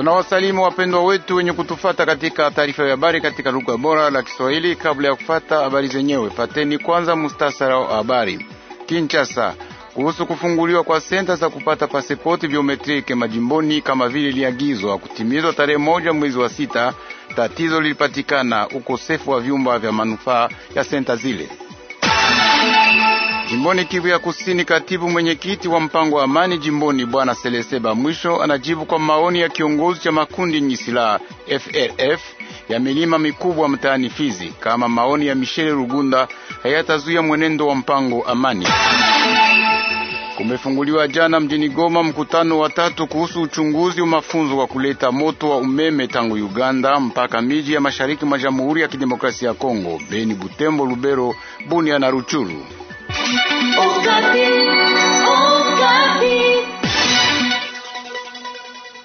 Tunawasalimu wapendwa wetu wenye kutufata katika taarifa ya habari katika lugha bora la Kiswahili. Kabla ya kufata habari zenyewe, pateni kwanza mustasara wa habari. Kinshasa kuhusu kufunguliwa kwa senta za kupata pasipoti biometrike majimboni kama vile iliagizwa kutimizwa tarehe moja mwezi wa sita, tatizo lilipatikana ukosefu wa vyumba vya manufaa ya senta zile. Jimboni Kivu ya Kusini, katibu mwenyekiti wa mpango wa amani jimboni Bwana Seleseba Mwisho anajibu kwa maoni ya kiongozi cha makundi yenye silaha FRF ya milima mikubwa mtaani Fizi kama maoni ya Michele Rugunda hayatazuia mwenendo wa mpango amani. Kumefunguliwa jana mjini Goma mkutano wa tatu kuhusu uchunguzi wa mafunzo wa kuleta moto wa umeme tangu Uganda mpaka miji ya mashariki mwa Jamhuri ya Kidemokrasia ya Kongo, Beni, Butembo, Lubero, Bunia na Ruchuru.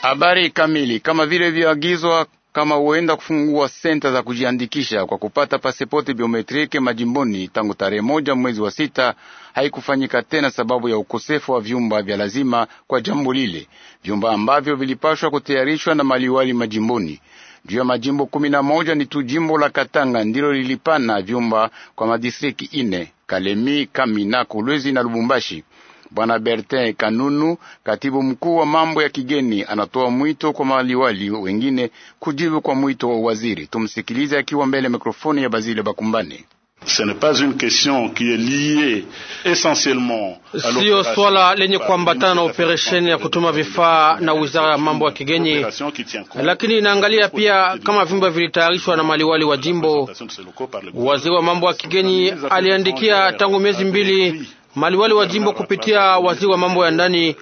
Habari kamili kama vile vyoagizwa kama huenda kufungua senta za kujiandikisha kwa kupata pasipoti biometrike majimboni tangu tarehe moja mwezi wa sita haikufanyika tena sababu ya ukosefu wa vyumba vya lazima kwa jambo lile, vyumba ambavyo vilipashwa kutayarishwa na maliwali majimboni. Juu ya majimbo kumi na moja ni tu jimbo la Katanga ndilo lilipana vyumba kwa madistriki ine. Kalemi, Kamina, Kolwezi na Lubumbashi. Bwana Bertin Kanunu, katibu mkuu wa mambo ya kigeni, anatoa mwito kwa maliwali wengine kujibu kwa mwito wa waziri. Tumsikilize akiwa mbele ya mikrofoni ya Bazile bakumbane Ce n'est pas une question qui est liée essentiellement siyo swala lenye kuambatana na operesheni ya kutuma vifaa na wizara ya mambo ya kigeni, lakini inaangalia pia kama vyumba vilitayarishwa na maliwali wa jimbo. Waziri wa mambo ya kigeni aliandikia tangu miezi mbili maliwali wa jimbo kupitia waziri wa mambo ya ndani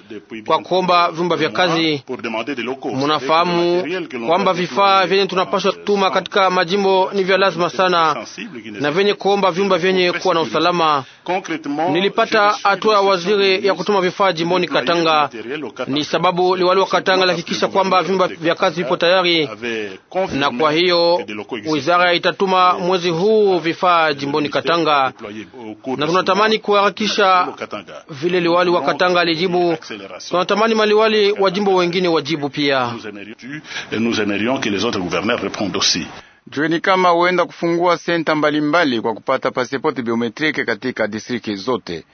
kwa kuomba vyumba vya kazi. Mnafahamu kwamba vifaa vyenye tunapaswa tuma katika majimbo ni vya lazima sana na vyenye kuomba vyumba vyenye kuwa na usalama. Nilipata hatua ya waziri ya kutuma vifaa jimboni Katanga, ni sababu liwali wa Katanga alihakikisha kwamba vyumba vya kazi vipo tayari, na kwa hiyo wizara itatuma mwezi huu vifaa jimboni Katanga, na tunatamani kuharakisha kisha vile liwali wa Katanga alijibu, tunatamani maliwali wa jimbo wengine wajibu pia. Jueni kama huenda kufungua senta mbalimbali kwa kupata pasipoti biometrike katika distriki zote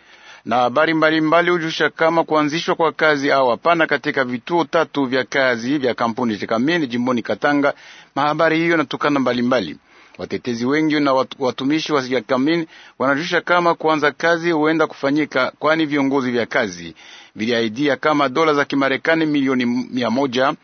na habari mbalimbali hujusha kama kuanzishwa kwa kazi au hapana katika vituo tatu vya kazi vya kampuni Tekamini jimboni Katanga. Mahabari hiyo natokana mbalimbali Watetezi wengi na watumishi wa serikalini wanajusha kama kuanza kazi huenda kufanyika, kwani viongozi vya kazi viliahidia kama dola za Kimarekani milioni mia moja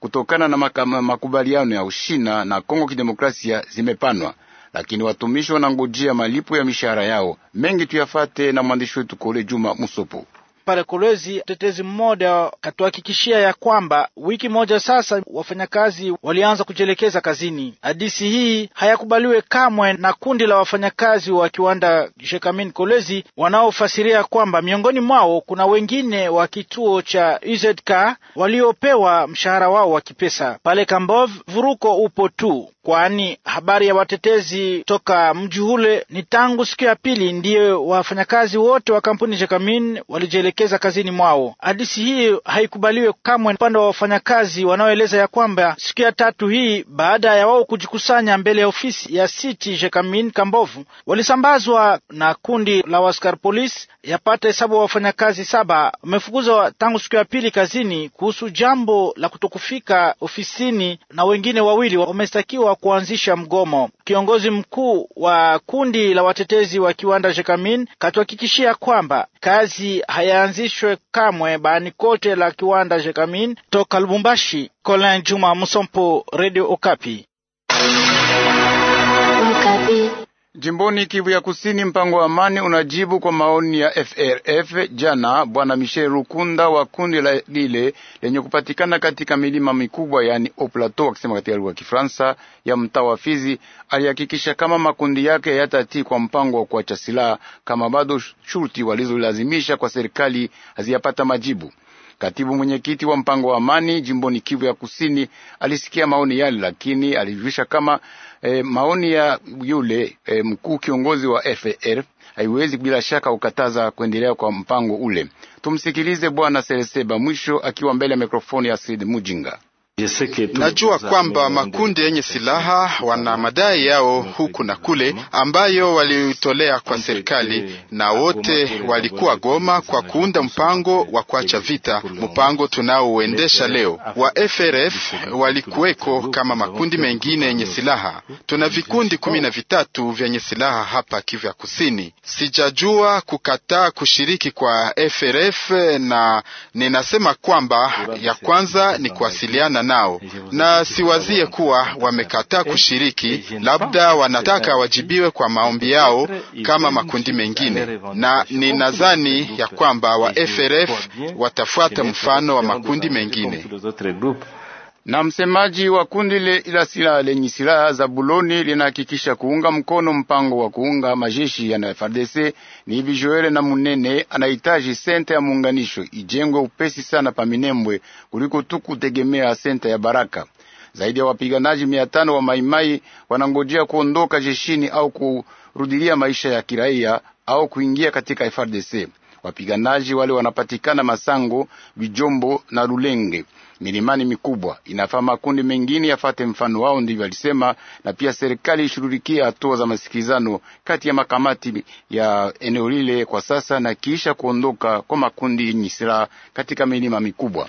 kutokana na makubaliano ya Ushina na Kongo Kidemokrasia zimepanwa, lakini watumishi wanangojea malipo ya mishahara yao. Mengi tuyafate na mwandishi wetu Kole Juma Musopo pale Kolwezi, mtetezi mmoja katuhakikishia ya kwamba wiki moja sasa wafanyakazi walianza kujielekeza kazini. Hadisi hii hayakubaliwe kamwe na kundi la wafanyakazi wa kiwanda Shekamin Kolwezi wanaofasiria kwamba miongoni mwao kuna wengine wa kituo cha UZK waliopewa mshahara wao wa kipesa. Pale Kambov vuruko upo tu kwani habari ya watetezi toka mji ule ni tangu siku ya pili ndiyo wafanyakazi wote wa kampuni Jakamin walijielekeza kazini mwao. Hadisi hii haikubaliwe kamwe upande wa wafanyakazi wanaoeleza ya kwamba siku ya tatu hii baada ya wao kujikusanya mbele ya ofisi ya siti Jakamin Kambovu, walisambazwa na kundi la waskar polisi yapata hesabu wa wafanyakazi saba wamefukuzwa tangu siku ya pili kazini kuhusu jambo la kutokufika ofisini na wengine wawili wamestakiwa kuanzisha mgomo. Kiongozi mkuu wa kundi la watetezi wa kiwanda Jekamin katuhakikishia kwamba kazi hayaanzishwe kamwe baani kote la kiwanda Jekamin. Toka Lubumbashi, Colin Juma Musompo, Radio Okapi, Okapi. Jimboni Kivu ya Kusini, mpango wa amani unajibu kwa maoni ya FRF. Jana bwana Michel Rukunda wa kundi la lile lenye kupatikana katika milima mikubwa, yani oplateau, akisema katika lugha ya Kifaransa ya mtaa wa Fizi, alihakikisha kama makundi yake yatatii kwa mpango wa kuacha silaha, kama bado shurti walizolazimisha kwa serikali haziyapata majibu. Katibu mwenyekiti wa mpango wa amani jimboni Kivu ya Kusini alisikia maoni yale, lakini alijulisha kama e, maoni ya yule e, mkuu kiongozi wa FAR haiwezi bila shaka kukataza kuendelea kwa mpango ule. Tumsikilize Bwana Sereseba mwisho akiwa mbele ya mikrofoni ya Sid Mujinga. Najua kwamba makundi yenye silaha wana madai yao huku na kule ambayo waliitolea kwa serikali, na wote walikuwa Goma kwa kuunda mpango wa kuacha vita, mpango tunaouendesha leo. Wa FRF walikuweko kama makundi mengine yenye silaha. Tuna vikundi kumi na vitatu vyenye silaha hapa Kivu ya Kusini. Sijajua kukataa kushiriki kwa FRF, na ninasema kwamba ya kwanza ni kuwasiliana nao, na siwazie kuwa wamekataa kushiriki, labda wanataka wajibiwe kwa maombi yao kama makundi mengine, na ninadhani ya kwamba wa FRF watafuata mfano wa makundi mengine na msemaji wa kundi la silaha lenye silaha za Buloni linahakikisha kuunga mkono mpango wa kuunga majeshi ya FARDC ni hivi. Joele na Munene anahitaji senta ya muunganisho ijengwe upesi sana pa Minembwe kuliko tu kutegemea senta ya Baraka. Zaidi ya wapiganaji mia tano wa Maimai wanangojea kuondoka jeshini au kurudilia maisha ya kiraia au kuingia katika FARDC. Wapiganaji wale wanapatikana Masango, vijombo na Lulenge, milimani mikubwa. Inafaa makundi mengine yafate mfano wao, ndivyo alisema. Na pia serikali ishughulikie hatua za masikilizano kati ya makamati ya eneo lile kwa sasa na kisha kuondoka kwa makundi yenye silaha katika milima mikubwa.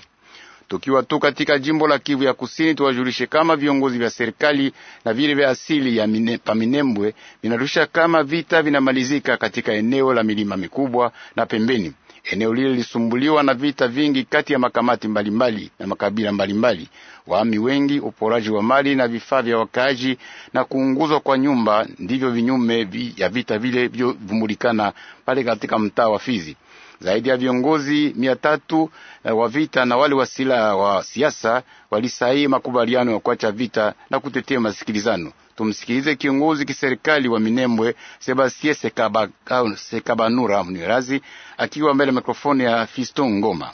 Tukiwa tu katika jimbo la Kivu ya Kusini, tuwajulishe kama viongozi vya serikali na vile vya asili ya mine, Paminembwe vinarusha kama vita vinamalizika katika eneo la milima mikubwa na pembeni. Eneo lile lilisumbuliwa na vita vingi kati ya makamati mbalimbali mbali na makabila mbalimbali, Waami wengi, uporaji wa mali na vifaa vya wakaaji na kuunguzwa kwa nyumba, ndivyo vinyume ya vita vile vilivyovumulikana pale katika mtaa wa Fizi. Zaidi ya viongozi mia tatu eh, wa vita na wale wa wa siasa walisaini makubaliano ya kuacha vita na kutetea masikilizano. Tumsikilize kiongozi kiserikali wa Minembwe Sebastien Sekaba, Sekabanura Mnirazi akiwa mbele ya mikrofoni ya Fiston Ngoma.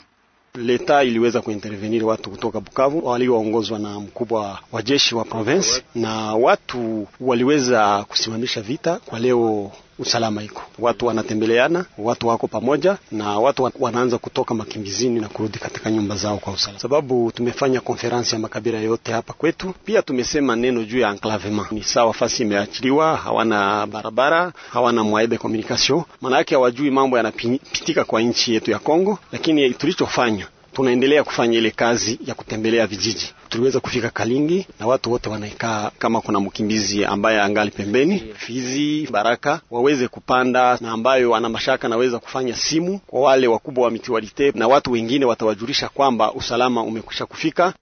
Leta iliweza kuintervenir watu kutoka Bukavu walioongozwa na mkubwa wa jeshi wa province, na watu waliweza kusimamisha vita kwa leo usalama iko, watu wanatembeleana, watu wako pamoja na watu wanaanza kutoka makimbizini na kurudi katika nyumba zao kwa usalama, sababu tumefanya konferansi ya makabila yote hapa kwetu. Pia tumesema neno juu ya enclavement, ni sawa fasi imeachiliwa, hawana barabara, hawana mwaebe communication, maana yake hawajui mambo yanapitika kwa nchi yetu ya Kongo, lakini tulichofanya tunaendelea kufanya ile kazi ya kutembelea vijiji tuliweza kufika Kalingi na watu wote wanaikaa, kama kuna mkimbizi ambaye angali pembeni Fizi Baraka waweze kupanda, na ambayo ana mashaka naweza kufanya simu kwa wale wakubwa wa mitiwalite na watu wengine watawajulisha kwamba usalama umekwisha kufika.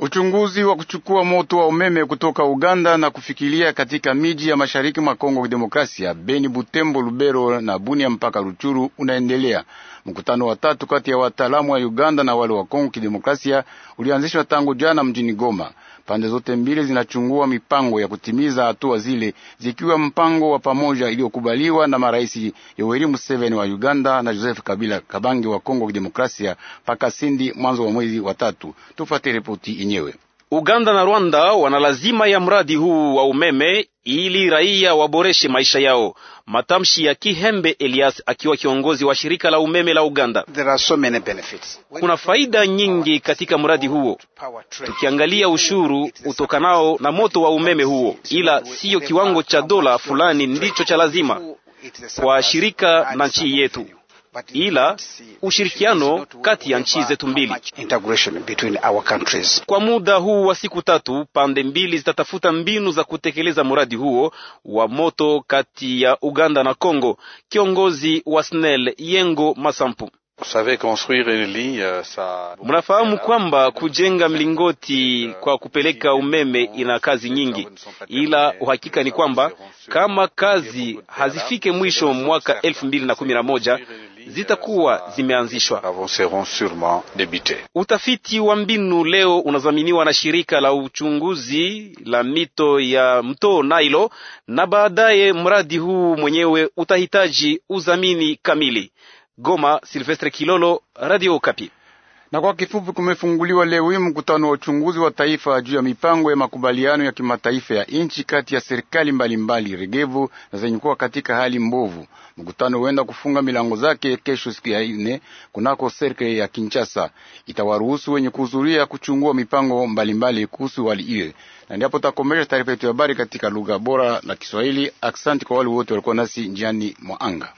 Uchunguzi wa kuchukua moto wa umeme kutoka Uganda na kufikilia katika miji ya mashariki mwa Kongo Demokrasia, Beni, Butembo, Lubero na Bunia mpaka Ruchuru unaendelea. Mkutano wa tatu kati ya wataalamu wa Uganda na wale wa Kongo Kidemokrasia ulianzishwa tangu jana mjini Goma. Pande zote mbili zinachungua mipango ya kutimiza hatua zile, zikiwa mpango wa pamoja iliyokubaliwa na marais Yoweri Museveni wa Uganda na Joseph Kabila Kabange wa Kongo Kidemokrasia, mpaka Sindi mwanzo wa mwezi wa tatu. Tufuate ripoti yenyewe. Uganda na Rwanda wana lazima ya mradi huu wa umeme ili raia waboreshe maisha yao. Matamshi ya Kihembe Elias akiwa kiongozi wa shirika la umeme la Uganda. There are so many benefits. Kuna faida nyingi katika mradi huo, tukiangalia ushuru utokanao na moto wa umeme huo, ila siyo kiwango cha dola fulani ndicho cha lazima kwa shirika na nchi yetu ila ushirikiano kati ya nchi zetu mbili. Kwa muda huu wa siku tatu, pande mbili zitatafuta mbinu za kutekeleza mradi huo wa moto kati ya Uganda na Kongo. Kiongozi wa SNEL Yengo Masampu euh, Mnafahamu kwamba kujenga mlingoti kwa kupeleka umeme ina kazi nyingi, ila uhakika ni kwamba kama kazi hazifike mwisho mwaka elfu mbili na kumi na moja zitakuwa zimeanzishwa. Utafiti wa mbinu leo unazaminiwa na shirika la uchunguzi la mito ya mto Nailo, na baadaye mradi huu mwenyewe utahitaji uzamini kamili. Goma, Silvestre Kilolo, Radio Kapi na kwa kifupi kumefunguliwa leo hii mkutano wa uchunguzi wa taifa juu ya mipango ya makubaliano ya kimataifa ya nchi kati ya serikali mbalimbali regevu na zenye kuwa katika hali mbovu. Mkutano huenda kufunga milango zake kesho, siku ya nne, kunako serikali ya Kinshasa. Itawaruhusu wenye kuhudhuria kuchungua mipango mbalimbali kuhusu hali ile, na ndipo takomesha taarifa yetu ya habari katika lugha bora la Kiswahili. Aksanti kwa wale wote walikuwa nasi njiani mwa anga.